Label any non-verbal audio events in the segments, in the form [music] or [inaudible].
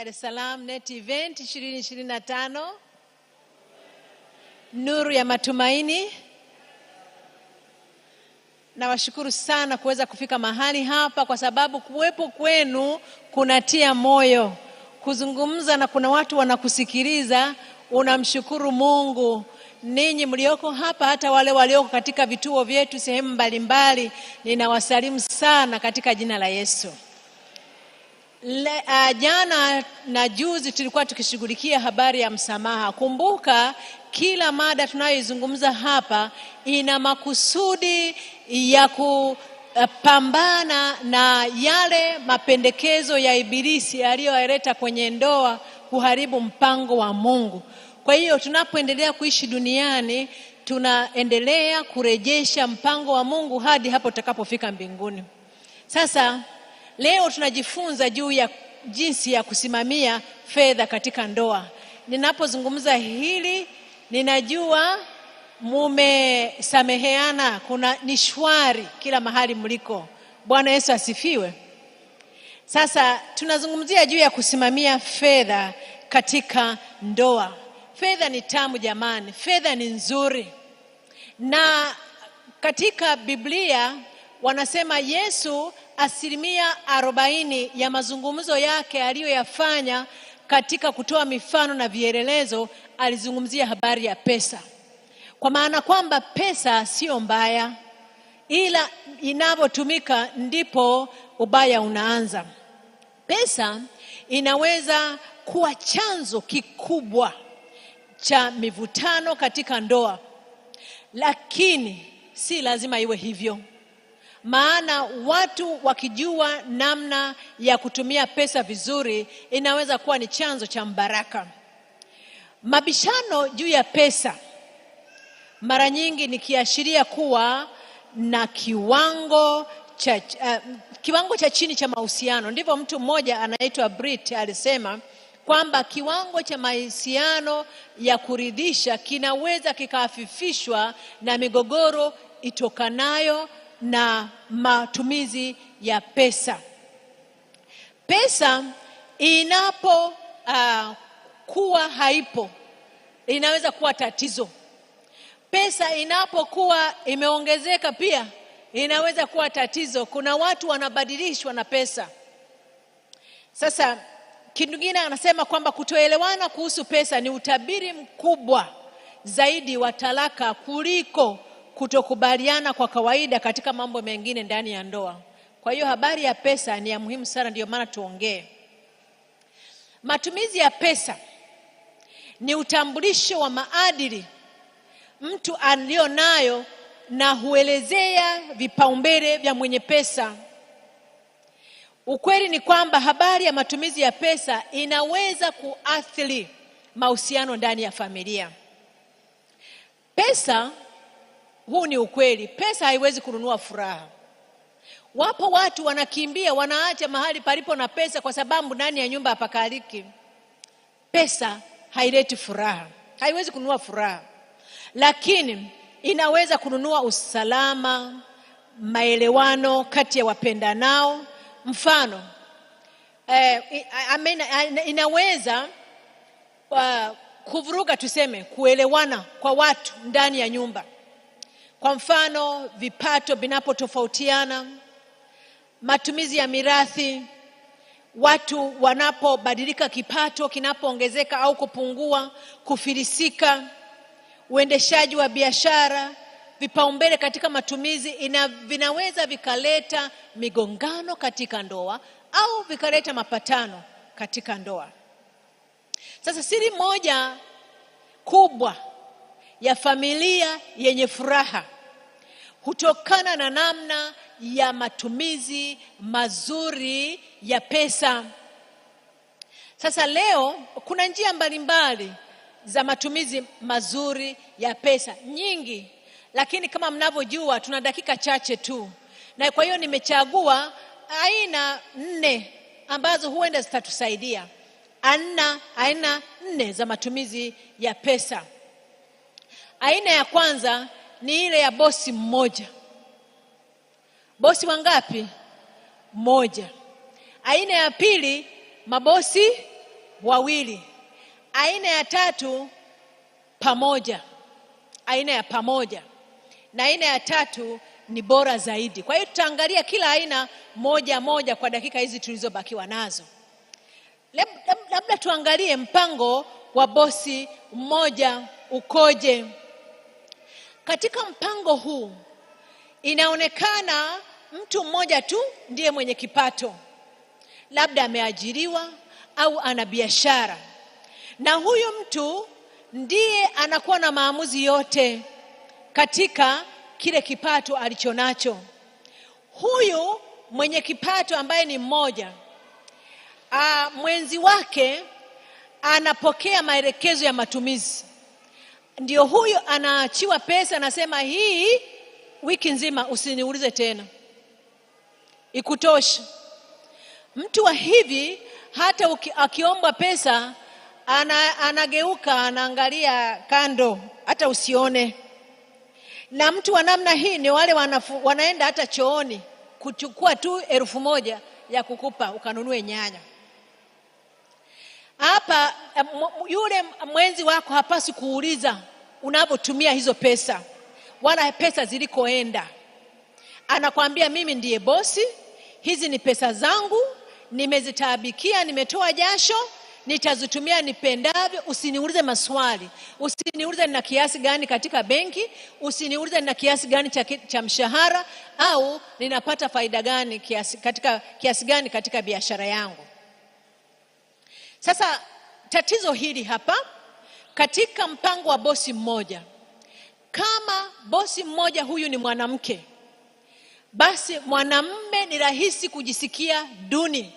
Dar es Salaam Net Event 2025 Nuru ya Matumaini. Nawashukuru sana kuweza kufika mahali hapa, kwa sababu kuwepo kwenu kunatia moyo kuzungumza na kuna watu wanakusikiliza, unamshukuru Mungu. Ninyi mlioko hapa, hata wale walioko katika vituo vyetu sehemu mbalimbali, ninawasalimu sana katika jina la Yesu. Le, uh, jana na juzi tulikuwa tukishughulikia habari ya msamaha. Kumbuka kila mada tunayoizungumza hapa ina makusudi ya kupambana na yale mapendekezo ya Ibilisi yaliyoyaleta kwenye ndoa kuharibu mpango wa Mungu. Kwa hiyo tunapoendelea kuishi duniani tunaendelea kurejesha mpango wa Mungu hadi hapo utakapofika mbinguni. Sasa Leo tunajifunza juu ya jinsi ya kusimamia fedha katika ndoa. Ninapozungumza hili, ninajua mumesameheana, kuna ni shwari kila mahali mliko. Bwana Yesu asifiwe. Sasa tunazungumzia juu ya kusimamia fedha katika ndoa. Fedha ni tamu jamani, fedha ni nzuri. Na katika Biblia wanasema Yesu asilimia arobaini ya mazungumzo yake aliyoyafanya katika kutoa mifano na vielelezo alizungumzia habari ya pesa, kwa maana kwamba pesa siyo mbaya, ila inavyotumika ndipo ubaya unaanza. Pesa inaweza kuwa chanzo kikubwa cha mivutano katika ndoa, lakini si lazima iwe hivyo maana watu wakijua namna ya kutumia pesa vizuri inaweza kuwa ni chanzo cha mbaraka. Mabishano juu ya pesa mara nyingi ni kiashiria kuwa na kiwango cha uh, kiwango cha chini cha mahusiano. Ndivyo mtu mmoja anaitwa Brit alisema kwamba kiwango cha mahusiano ya kuridhisha kinaweza kikaafifishwa na migogoro itokanayo na matumizi ya pesa. Pesa inapokuwa uh, haipo inaweza kuwa tatizo. Pesa inapokuwa imeongezeka pia inaweza kuwa tatizo. Kuna watu wanabadilishwa na pesa. Sasa kitu kingine anasema kwamba kutoelewana kuhusu pesa ni utabiri mkubwa zaidi wa talaka kuliko kutokubaliana kwa kawaida katika mambo mengine ndani ya ndoa. Kwa hiyo habari ya pesa ni ya muhimu sana, ndiyo maana tuongee. Matumizi ya pesa ni utambulisho wa maadili mtu alionayo na huelezea vipaumbele vya mwenye pesa. Ukweli ni kwamba habari ya matumizi ya pesa inaweza kuathiri mahusiano ndani ya familia. Pesa huu ni ukweli, pesa haiwezi kununua furaha. Wapo watu wanakimbia, wanaacha mahali palipo na pesa, kwa sababu ndani ya nyumba hapakaliki. Pesa haileti furaha, haiwezi kununua furaha, lakini inaweza kununua usalama, maelewano kati ya wapenda nao Mfano eh, inaweza uh, kuvuruga tuseme kuelewana kwa watu ndani ya nyumba. Kwa mfano, vipato vinapotofautiana, matumizi ya mirathi, watu wanapobadilika, kipato kinapoongezeka au kupungua, kufilisika, uendeshaji wa biashara, vipaumbele katika matumizi ina, vinaweza vikaleta migongano katika ndoa au vikaleta mapatano katika ndoa. Sasa siri moja kubwa ya familia yenye furaha hutokana na namna ya matumizi mazuri ya pesa. Sasa leo kuna njia mbalimbali za matumizi mazuri ya pesa nyingi, lakini kama mnavyojua tuna dakika chache tu, na kwa hiyo nimechagua aina nne ambazo huenda zitatusaidia, aina aina nne za matumizi ya pesa. Aina ya kwanza ni ile ya bosi mmoja. Bosi wangapi? Mmoja. Aina ya pili mabosi wawili. Aina ya tatu pamoja, aina ya pamoja, na aina ya tatu ni bora zaidi. Kwa hiyo tutaangalia kila aina moja moja kwa dakika hizi tulizobakiwa nazo. Labda tuangalie mpango wa bosi mmoja ukoje? Katika mpango huu inaonekana mtu mmoja tu ndiye mwenye kipato, labda ameajiriwa au ana biashara, na huyu mtu ndiye anakuwa na maamuzi yote katika kile kipato alichonacho. Huyu mwenye kipato ambaye ni mmoja a, ah, mwenzi wake anapokea maelekezo ya matumizi ndio huyu anaachiwa pesa anasema hii wiki nzima usiniulize tena ikutosha mtu wa hivi hata uki, akiombwa pesa ana, anageuka anaangalia kando hata usione na mtu wa namna hii ni wale wanafu, wanaenda hata chooni kuchukua tu elfu moja ya kukupa ukanunue nyanya hapa yule mwenzi wako hapasi kuuliza unavyotumia hizo pesa wala pesa zilikoenda anakwambia mimi ndiye bosi hizi ni pesa zangu nimezitaabikia nimetoa jasho nitazitumia nipendavyo usiniulize maswali usiniulize nina kiasi gani katika benki usiniulize na kiasi gani cha, cha mshahara au ninapata faida gani kiasi, katika, kiasi gani katika biashara yangu sasa tatizo hili hapa katika mpango wa bosi mmoja, kama bosi mmoja huyu ni mwanamke, basi mwanamme ni rahisi kujisikia duni,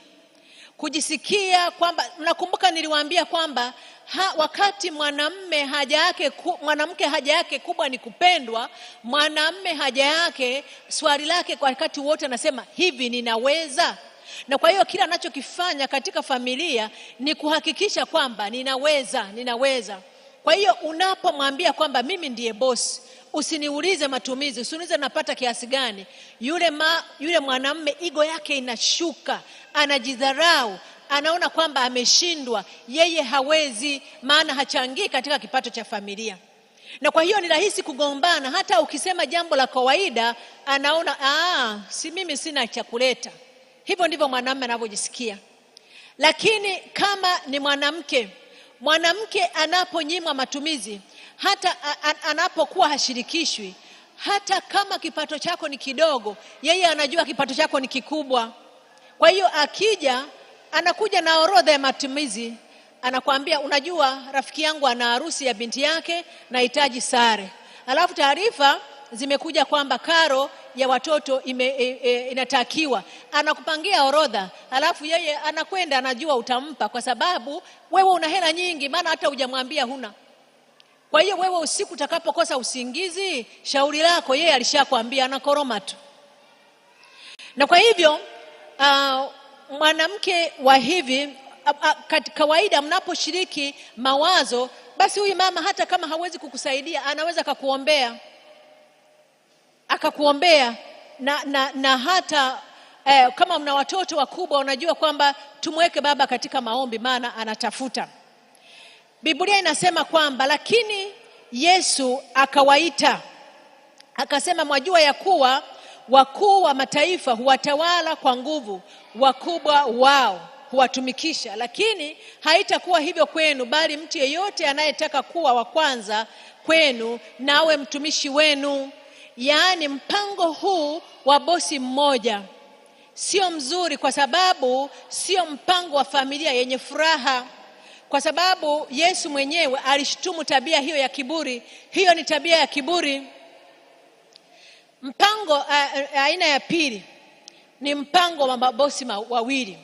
kujisikia kwamba, mnakumbuka niliwaambia kwamba ha, wakati mwanamme haja yake mwanamke haja yake kubwa ni kupendwa, mwanamme haja yake swali lake kwa wakati wote anasema hivi, ninaweza na kwa hiyo kila anachokifanya katika familia ni kuhakikisha kwamba ninaweza, ninaweza. Kwa hiyo unapomwambia kwamba mimi ndiye bosi, usiniulize matumizi, usiniulize napata kiasi gani. Yule ma, yule mwanamme igo yake inashuka, anajidharau, anaona kwamba ameshindwa, yeye hawezi, maana hachangii katika kipato cha familia. Na kwa hiyo ni rahisi kugombana, hata ukisema jambo la kawaida anaona ah, si mimi sina cha kuleta. Hivyo ndivyo mwanamume anavyojisikia. Lakini kama ni mwanamke, mwanamke anaponyimwa matumizi, hata anapokuwa hashirikishwi, hata kama kipato chako ni kidogo, yeye anajua kipato chako ni kikubwa. Kwa hiyo akija, anakuja na orodha ya matumizi, anakuambia unajua, rafiki yangu ana harusi ya binti yake, nahitaji sare, alafu taarifa zimekuja kwamba karo ya watoto ime, e, e, inatakiwa, anakupangia orodha, alafu yeye anakwenda anajua utampa, kwa sababu wewe una hela nyingi, maana hata hujamwambia huna. Kwa hiyo wewe usiku utakapokosa usingizi, shauri lako, yeye alishakwambia, anakoroma tu. Na kwa hivyo uh, mwanamke wa hivi kawaida, mnaposhiriki mawazo, basi huyu mama hata kama hawezi kukusaidia, anaweza kakuombea akakuombea na, na, na hata eh, kama mna watoto wakubwa unajua kwamba tumweke baba katika maombi maana anatafuta Biblia inasema kwamba lakini Yesu akawaita akasema mwajua ya kuwa wakuu wa mataifa huwatawala kwa nguvu wakubwa wao huwatumikisha lakini haitakuwa hivyo kwenu bali mtu yeyote anayetaka kuwa wa kwanza kwenu na awe mtumishi wenu yaani mpango huu wa bosi mmoja sio mzuri kwa sababu sio mpango wa familia yenye furaha kwa sababu Yesu mwenyewe alishtumu tabia hiyo ya kiburi hiyo ni tabia ya kiburi mpango aina ya pili ni mpango wa mabosi wawili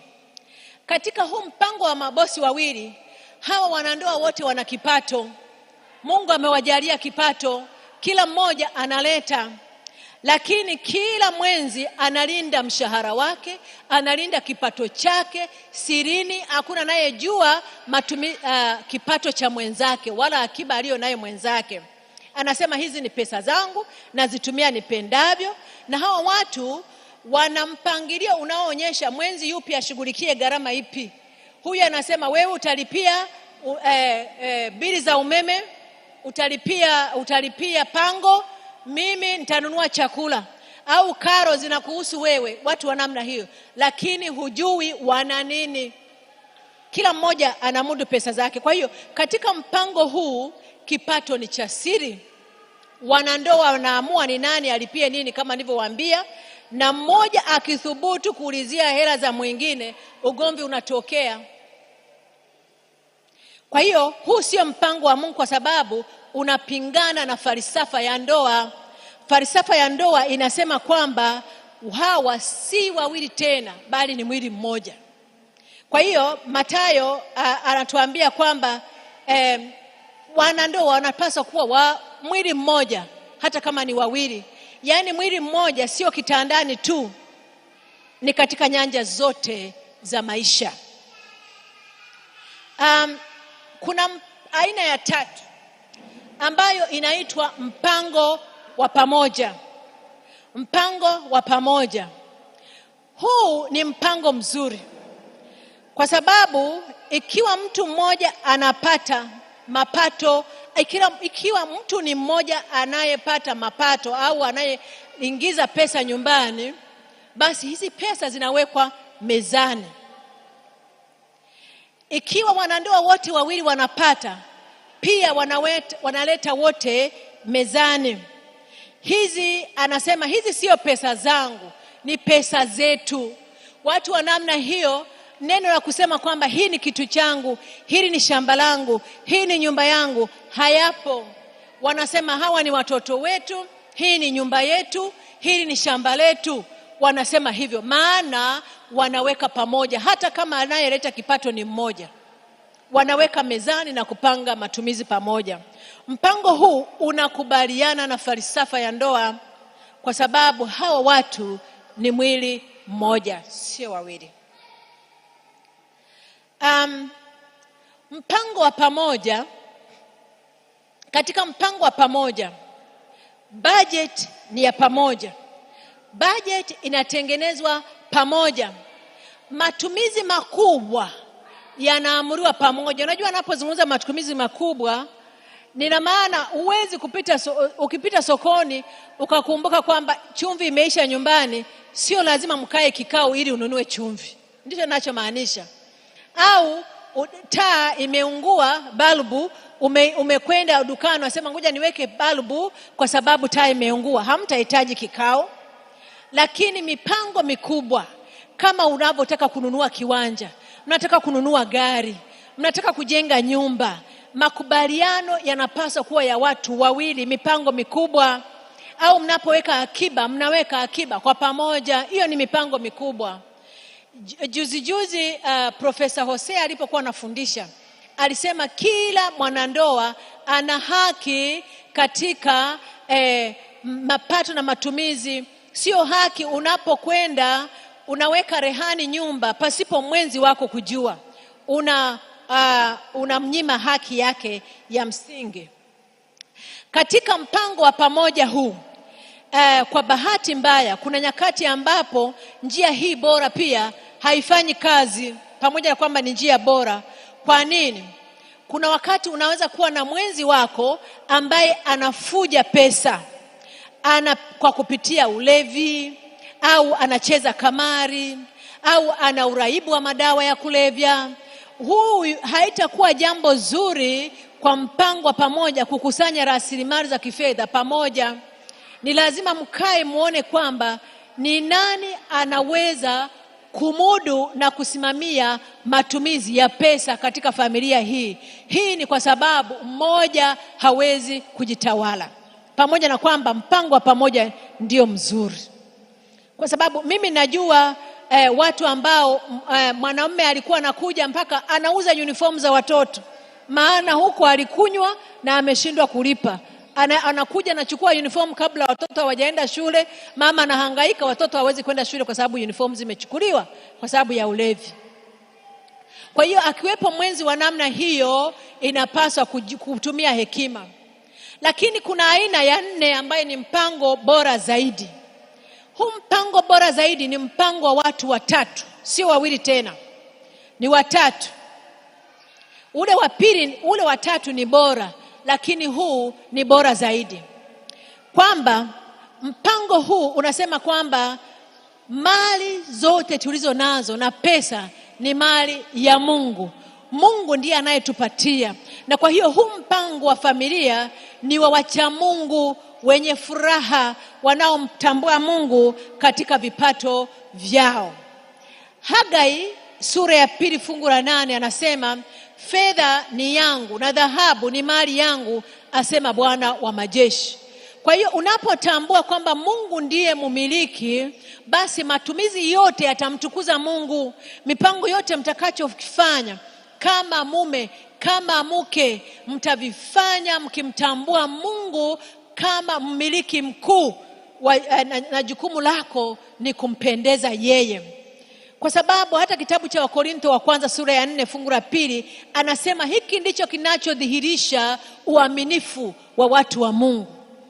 katika huu mpango wa mabosi wawili hawa wanandoa wote wana kipato Mungu amewajalia kipato kila mmoja analeta lakini kila mwenzi analinda mshahara wake, analinda kipato chake sirini. Hakuna anayejua matumi, uh, kipato cha mwenzake wala akiba aliyo nayo mwenzake. Anasema hizi ni pesa zangu, nazitumia nipendavyo. Na hawa watu wana mpangilio unaoonyesha mwenzi yupi ashughulikie gharama ipi. Huyu anasema wewe utalipia uh, uh, bili za umeme utalipia, utalipia pango, mimi nitanunua chakula au karo zinakuhusu wewe, watu wa namna hiyo, lakini hujui wana nini. Kila mmoja anamudu pesa zake. Kwa hiyo katika mpango huu kipato ni cha siri, wanandoa wanaamua ni nani alipie nini, kama nilivyowaambia, na mmoja akithubutu kuulizia hela za mwingine, ugomvi unatokea. Kwa hiyo huu sio mpango wa Mungu kwa sababu unapingana na falsafa ya ndoa. Falsafa ya ndoa inasema kwamba hawa si wawili tena, bali ni mwili mmoja. Kwa hiyo matayo anatuambia kwamba eh, wanandoa wanapaswa kuwa wa mwili mmoja, hata kama ni wawili. Yaani mwili mmoja sio kitandani tu, ni katika nyanja zote za maisha. Um, kuna aina ya tatu ambayo inaitwa mpango wa pamoja. Mpango wa pamoja huu ni mpango mzuri, kwa sababu ikiwa mtu mmoja anapata mapato ikiwa, ikiwa mtu ni mmoja anayepata mapato au anayeingiza pesa nyumbani, basi hizi pesa zinawekwa mezani ikiwa wanandoa wote wawili wanapata, pia wanaweta, wanaleta wote mezani. Hizi anasema hizi sio pesa zangu, ni pesa zetu. Watu wa namna hiyo neno la kusema kwamba hii ni kitu changu, hili ni shamba langu, hii ni nyumba yangu, hayapo. Wanasema hawa ni watoto wetu, hii ni nyumba yetu, hili ni shamba letu wanasema hivyo, maana wanaweka pamoja, hata kama anayeleta kipato ni mmoja, wanaweka mezani na kupanga matumizi pamoja. Mpango huu unakubaliana na falsafa ya ndoa, kwa sababu hawa watu ni mwili mmoja, sio wawili. Um, mpango wa pamoja. Katika mpango wa pamoja, bajeti ni ya pamoja. Budget inatengenezwa pamoja. Matumizi makubwa yanaamuriwa pamoja. Unajua, anapozungumza matumizi makubwa nina maana huwezi kupita so, ukipita sokoni ukakumbuka kwamba chumvi imeisha nyumbani, sio lazima mkae kikao ili ununue chumvi. Ndicho ninachomaanisha. Au taa imeungua, balbu ume, umekwenda dukani, unasema ngoja niweke balbu kwa sababu taa imeungua. Hamtahitaji kikao lakini mipango mikubwa kama unavyotaka kununua kiwanja, mnataka kununua gari, mnataka kujenga nyumba, makubaliano yanapaswa kuwa ya watu wawili, mipango mikubwa. Au mnapoweka akiba, mnaweka akiba kwa pamoja, hiyo ni mipango mikubwa. Juzi juzi uh, Profesa Hosea alipokuwa anafundisha alisema kila mwanandoa ana haki katika eh, mapato na matumizi Sio haki unapokwenda unaweka rehani nyumba pasipo mwenzi wako kujua, una uh, unamnyima haki yake ya msingi. Katika mpango wa pamoja huu uh, kwa bahati mbaya, kuna nyakati ambapo njia hii bora pia haifanyi kazi, pamoja na kwamba ni njia bora. Kwa nini? Kuna wakati unaweza kuwa na mwenzi wako ambaye anafuja pesa ana kwa kupitia ulevi au anacheza kamari au ana uraibu wa madawa ya kulevya, huu haitakuwa jambo zuri kwa mpango wa pamoja kukusanya rasilimali za kifedha pamoja. Ni lazima mkae muone kwamba ni nani anaweza kumudu na kusimamia matumizi ya pesa katika familia hii. Hii ni kwa sababu mmoja hawezi kujitawala pamoja na kwamba mpango wa pamoja ndio mzuri, kwa sababu mimi najua eh, watu ambao eh, mwanamume alikuwa anakuja mpaka anauza uniform za watoto, maana huko alikunywa na ameshindwa kulipa ana, anakuja anachukua uniform kabla watoto hawajaenda shule. Mama anahangaika, watoto hawezi kwenda shule kwa sababu uniform zimechukuliwa kwa sababu ya ulevi. Kwa hiyo akiwepo mwenzi wa namna hiyo, inapaswa kutumia hekima. Lakini kuna aina ya nne ambayo ni mpango bora zaidi. Huu mpango bora zaidi ni mpango wa watu watatu, sio wawili tena, ni watatu. Ule wa pili, ule wa tatu ni bora, lakini huu ni bora zaidi, kwamba mpango huu unasema kwamba mali zote tulizo nazo na pesa ni mali ya Mungu. Mungu ndiye anayetupatia, na kwa hiyo huu mpango wa familia ni wa wacha Mungu wenye furaha wanaomtambua Mungu katika vipato vyao. Hagai sura ya pili fungu la nane anasema fedha ni yangu na dhahabu ni mali yangu, asema Bwana wa majeshi. Kwa hiyo unapotambua kwamba Mungu ndiye mumiliki, basi matumizi yote yatamtukuza Mungu. Mipango yote mtakachofanya kama mume, kama mke, mtavifanya mkimtambua Mungu kama mmiliki mkuu wa, eh, na, na jukumu lako ni kumpendeza yeye kwa sababu hata kitabu cha Wakorintho wa kwanza sura ya nne fungu la pili anasema hiki ndicho kinachodhihirisha uaminifu wa watu wa Mungu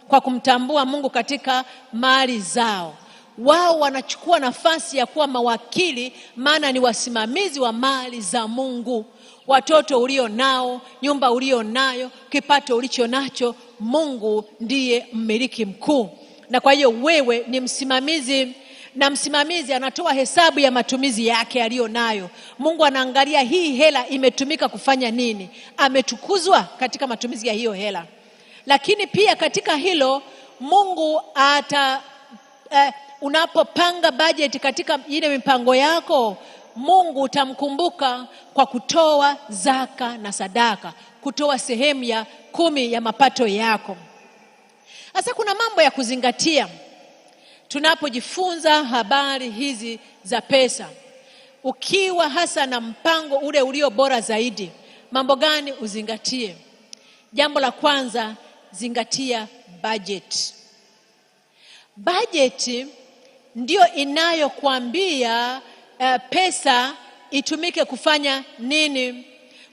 kwa kumtambua Mungu katika mali zao. Wao wanachukua nafasi ya kuwa mawakili, maana ni wasimamizi wa mali za Mungu watoto ulio nao, nyumba ulio nayo, kipato ulicho nacho. Mungu ndiye mmiliki mkuu, na kwa hiyo wewe ni msimamizi na msimamizi anatoa hesabu ya matumizi yake aliyo nayo. Mungu anaangalia hii hela imetumika kufanya nini, ametukuzwa katika matumizi ya hiyo hela. Lakini pia katika hilo Mungu ata eh, unapopanga bajeti katika ile mipango yako Mungu utamkumbuka kwa kutoa zaka na sadaka, kutoa sehemu ya kumi ya mapato yako. Sasa kuna mambo ya kuzingatia tunapojifunza habari hizi za pesa, ukiwa hasa na mpango ule ulio bora zaidi. Mambo gani uzingatie? Jambo la kwanza, zingatia bajeti. Bajeti ndio inayokuambia uh, pesa itumike kufanya nini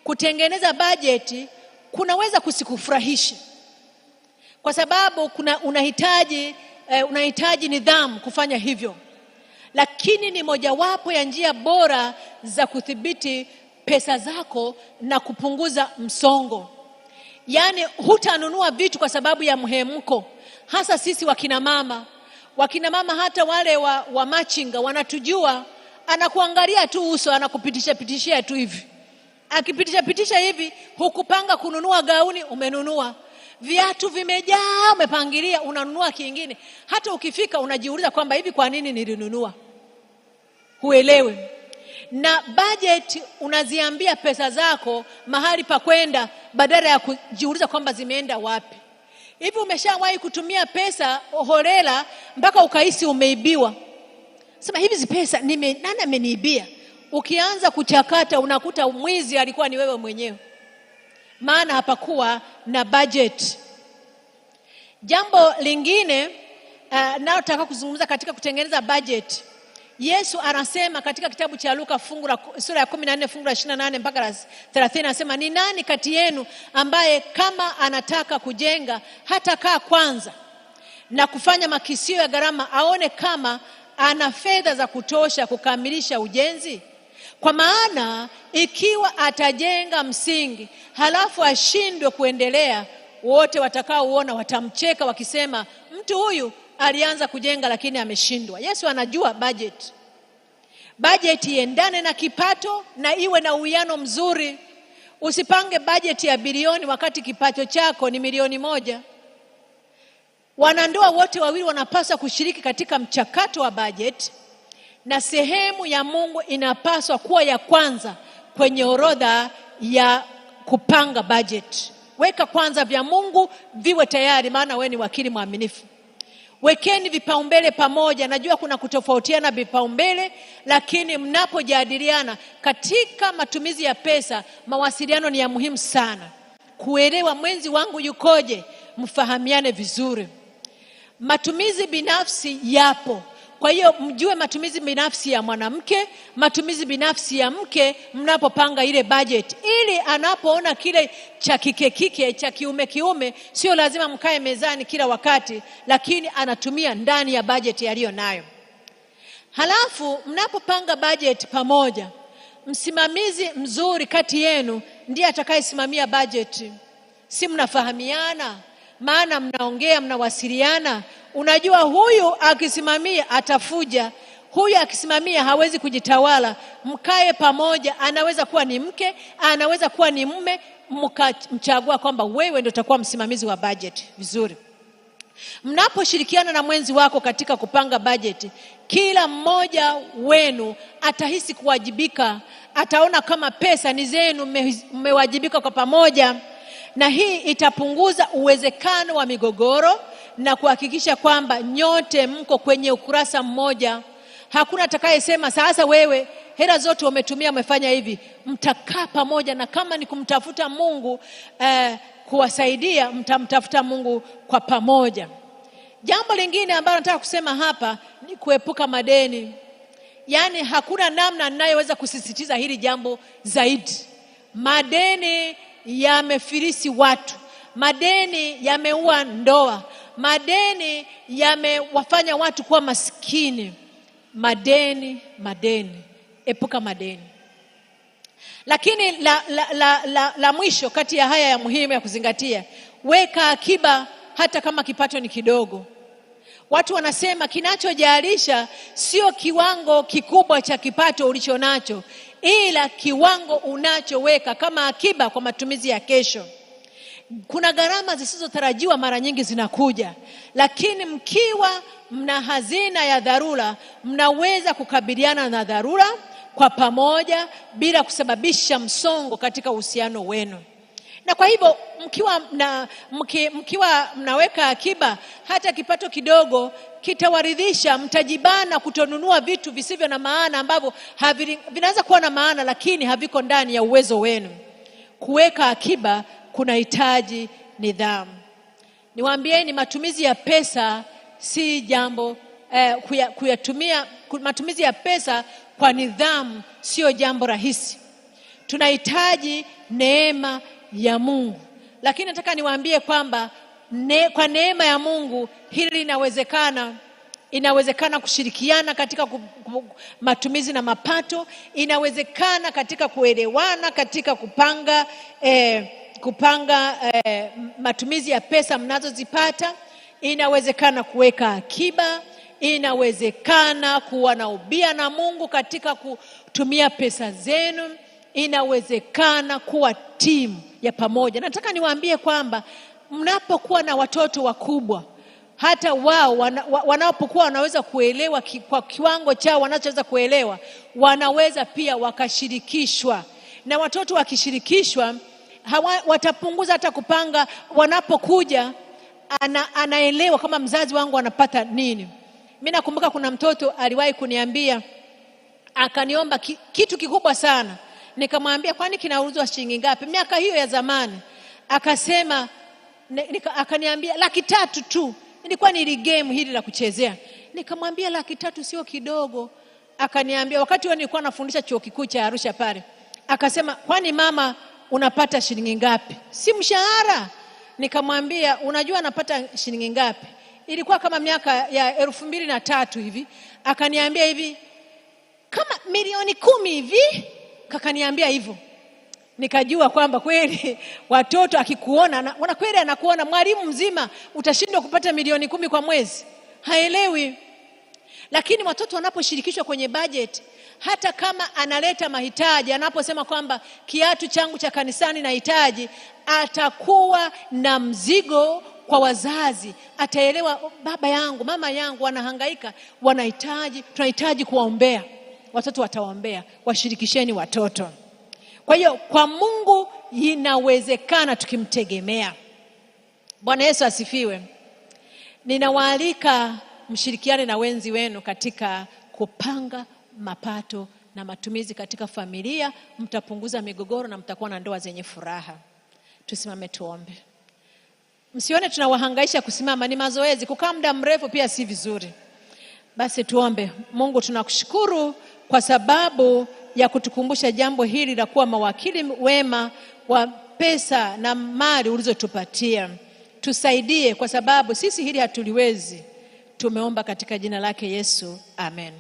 kutengeneza bajeti kunaweza kusikufurahisha kwa sababu kuna unahitaji eh, unahitaji nidhamu kufanya hivyo lakini ni mojawapo ya njia bora za kudhibiti pesa zako na kupunguza msongo yaani hutanunua vitu kwa sababu ya mhemko hasa sisi wakina mama wakina mama hata wale wa, wa machinga wanatujua anakuangalia tu uso anakupitisha pitishia tu hivi akipitisha pitisha hivi hukupanga kununua gauni umenunua viatu vimejaa umepangilia unanunua kingine hata ukifika unajiuliza kwamba hivi kwa nini nilinunua huelewe na budget unaziambia pesa zako mahali pa kwenda badala ya kujiuliza kwamba zimeenda wapi hivi umeshawahi kutumia pesa holela mpaka ukahisi umeibiwa sema hizi pesa nime, nani ameniibia? Ukianza kuchakata unakuta mwizi alikuwa ni wewe mwenyewe, maana hapakuwa na budget. Jambo lingine uh, eh, nayotaka kuzungumza katika kutengeneza budget Yesu anasema katika kitabu cha Luka fungu la sura ya 14 fungu la 28 mpaka la 30, anasema ni nani kati yenu ambaye kama anataka kujenga hata kaa kwanza na kufanya makisio ya gharama aone kama ana fedha za kutosha kukamilisha ujenzi? Kwa maana ikiwa atajenga msingi halafu ashindwe kuendelea, wote watakaouona watamcheka wakisema, mtu huyu alianza kujenga lakini ameshindwa. Yesu anajua bajeti. Bajeti iendane na kipato na iwe na uwiano mzuri. Usipange bajeti ya bilioni wakati kipato chako ni milioni moja. Wanandoa wote wawili wanapaswa kushiriki katika mchakato wa bajeti na sehemu ya Mungu inapaswa kuwa ya kwanza kwenye orodha ya kupanga bajeti. Weka kwanza vya Mungu viwe tayari, maana wewe ni wakili mwaminifu. Wekeni vipaumbele pamoja. Najua kuna kutofautiana vipaumbele, lakini mnapojadiliana katika matumizi ya pesa, mawasiliano ni ya muhimu sana, kuelewa mwenzi wangu yukoje, mfahamiane vizuri. Matumizi binafsi yapo. Kwa hiyo mjue matumizi binafsi ya mwanamke, matumizi binafsi ya mke mnapopanga ile budget, ili anapoona kile cha kike kike cha kiume kiume, sio lazima mkae mezani kila wakati, lakini anatumia ndani ya budget yaliyo nayo. Halafu mnapopanga budget pamoja, msimamizi mzuri kati yenu ndiye atakayesimamia budget, si mnafahamiana maana mnaongea, mnawasiliana. Unajua huyu akisimamia atafuja, huyu akisimamia hawezi kujitawala. Mkae pamoja, anaweza kuwa ni mke, anaweza kuwa ni mme, mkamchagua kwamba wewe ndio utakuwa msimamizi wa bajeti vizuri. Mnaposhirikiana na mwenzi wako katika kupanga bajeti, kila mmoja wenu atahisi kuwajibika, ataona kama pesa ni zenu, mmewajibika kwa pamoja na hii itapunguza uwezekano wa migogoro na kuhakikisha kwamba nyote mko kwenye ukurasa mmoja. Hakuna atakayesema sasa, wewe hela zote umetumia, umefanya hivi. Mtakaa pamoja, na kama ni kumtafuta Mungu eh, kuwasaidia, mtamtafuta Mungu kwa pamoja. Jambo lingine ambalo nataka kusema hapa ni kuepuka madeni. Yaani hakuna namna ninayoweza kusisitiza hili jambo zaidi. Madeni yamefirisi watu madeni yameua ndoa madeni yamewafanya watu kuwa maskini madeni madeni epuka madeni lakini la, la, la, la, la mwisho kati ya haya ya muhimu ya kuzingatia weka akiba hata kama kipato ni kidogo watu wanasema kinachojalisha sio kiwango kikubwa cha kipato ulicho nacho ila kiwango unachoweka kama akiba kwa matumizi ya kesho. Kuna gharama zisizotarajiwa mara nyingi zinakuja, lakini mkiwa mna hazina ya dharura, mnaweza kukabiliana na dharura kwa pamoja bila kusababisha msongo katika uhusiano wenu na kwa hivyo mkiwa mna, mki, mkiwa mnaweka akiba hata kipato kidogo kitawaridhisha, mtajibana kutonunua vitu visivyo na maana ambavyo vinaweza kuwa na maana lakini haviko ndani ya uwezo wenu. Kuweka akiba kunahitaji nidhamu. Niwaambieni, matumizi ya pesa si jambo eh, kuyatumia matumizi ya pesa kwa nidhamu sio jambo rahisi. Tunahitaji neema ya Mungu lakini nataka niwaambie kwamba ne, kwa neema ya Mungu hili linawezekana inawezekana kushirikiana katika matumizi na mapato inawezekana katika kuelewana katika kupanga eh, kupanga eh, matumizi ya pesa mnazozipata inawezekana kuweka akiba inawezekana kuwa na ubia na Mungu katika kutumia pesa zenu inawezekana kuwa timu ya pamoja. Nataka niwaambie kwamba mnapokuwa na watoto wakubwa hata wao wana, wanapokuwa wanaweza kuelewa ki, kwa kiwango chao wanachoweza kuelewa, wanaweza pia wakashirikishwa, na watoto wakishirikishwa hawa, watapunguza hata kupanga. Wanapokuja ana, anaelewa kama mzazi wangu anapata nini. mi nakumbuka kuna mtoto aliwahi kuniambia akaniomba ki, kitu kikubwa sana Nikamwambia, kwani kinauzwa shilingi ngapi? Miaka hiyo ya zamani. Akasema akaniambia laki tatu tu. Ilikuwa ni game hili la kuchezea. Nikamwambia laki tatu sio kidogo. Akaniambia wakati huo nilikuwa nafundisha chuo kikuu cha Arusha pale. Akasema kwani mama unapata shilingi ngapi? Si mshahara. Nikamwambia unajua napata shilingi ngapi? Ilikuwa kama miaka ya elfu mbili na tatu hivi. Akaniambia hivi kama milioni kumi hivi kakaniambia hivyo nikajua kwamba kweli [laughs] watoto akikuona na kweli anakuona mwalimu mzima utashindwa kupata milioni kumi kwa mwezi haelewi lakini watoto wanaposhirikishwa kwenye bajeti hata kama analeta mahitaji anaposema kwamba kiatu changu cha kanisani nahitaji atakuwa na mzigo kwa wazazi ataelewa oh, baba yangu mama yangu wanahangaika wanahitaji tunahitaji kuwaombea watoto watawaombea washirikisheni watoto. Kwa hiyo kwa Mungu inawezekana tukimtegemea. Bwana Yesu asifiwe. Ninawaalika mshirikiane na wenzi wenu katika kupanga mapato na matumizi katika familia, mtapunguza migogoro na mtakuwa na ndoa zenye furaha. Tusimame tuombe. Msione tunawahangaisha kusimama, ni mazoezi. Kukaa muda mrefu pia si vizuri. Basi tuombe. Mungu, tunakushukuru kwa sababu ya kutukumbusha jambo hili la kuwa mawakili wema wa pesa na mali ulizotupatia. Tusaidie, kwa sababu sisi hili hatuliwezi. Tumeomba katika jina lake Yesu, amen.